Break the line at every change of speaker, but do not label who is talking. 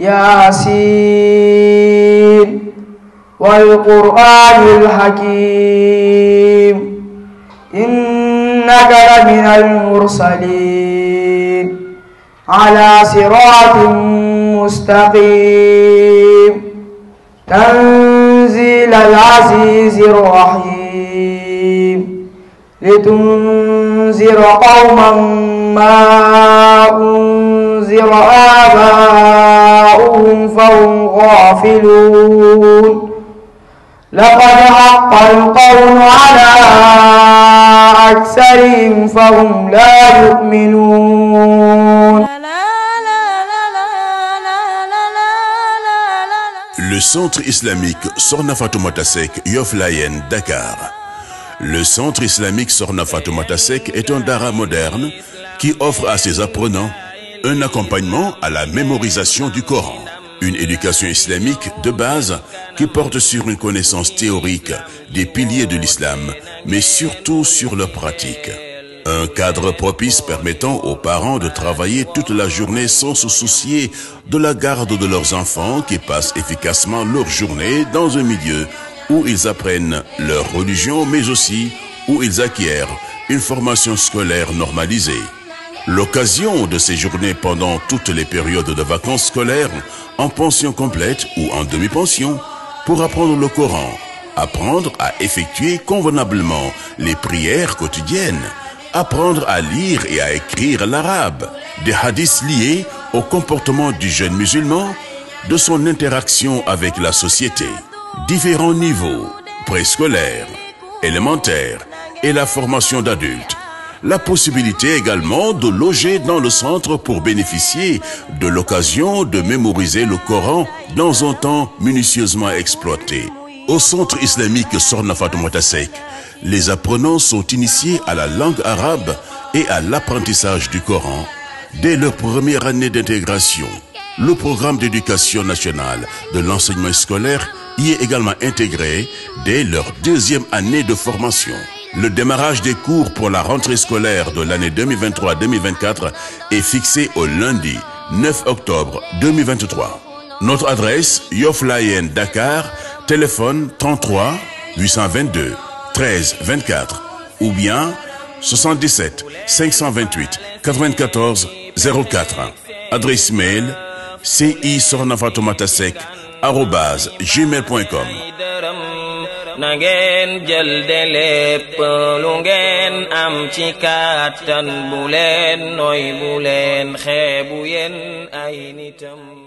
ياسين والقرآن الحكيم إنك لمن المرسلين على صراط مستقيم تنزيل العزيز الرحيم لتنذر قوما ما أنذر آه Le
Centre islamique Sorna Fatoumata Yoflayen, Dakar. Le Centre islamique Sorna Matasek est un dara moderne qui offre à ses apprenants un accompagnement à la mémorisation du Coran. Une éducation islamique de base qui porte sur une connaissance théorique des piliers de l'islam, mais surtout sur leur pratique. Un cadre propice permettant aux parents de travailler toute la journée sans se soucier de la garde de leurs enfants qui passent efficacement leur journée dans un milieu où ils apprennent leur religion, mais aussi où ils acquièrent une formation scolaire normalisée. L'occasion de séjourner pendant toutes les périodes de vacances scolaires en pension complète ou en demi-pension pour apprendre le Coran, apprendre à effectuer convenablement les prières quotidiennes, apprendre à lire et à écrire l'arabe, des hadiths liés au comportement du jeune musulman, de son interaction avec la société, différents niveaux, préscolaire, élémentaire et la formation d'adultes la possibilité également de loger dans le centre pour bénéficier de l'occasion de mémoriser le Coran dans un temps minutieusement exploité. Au centre islamique Sornafat Fatoumata les apprenants sont initiés à la langue arabe et à l'apprentissage du Coran dès leur première année d'intégration. Le programme d'éducation nationale de l'enseignement scolaire y est également intégré dès leur deuxième année de formation. Le démarrage des cours pour la rentrée scolaire de l'année 2023-2024 est fixé au lundi 9 octobre 2023. Notre adresse, Yoflayen Dakar, téléphone 33 822 13 24 ou bien 77 528 94 04. Adresse mail ci
na ngeen jël de lépp lu am noy bu leen ay nitam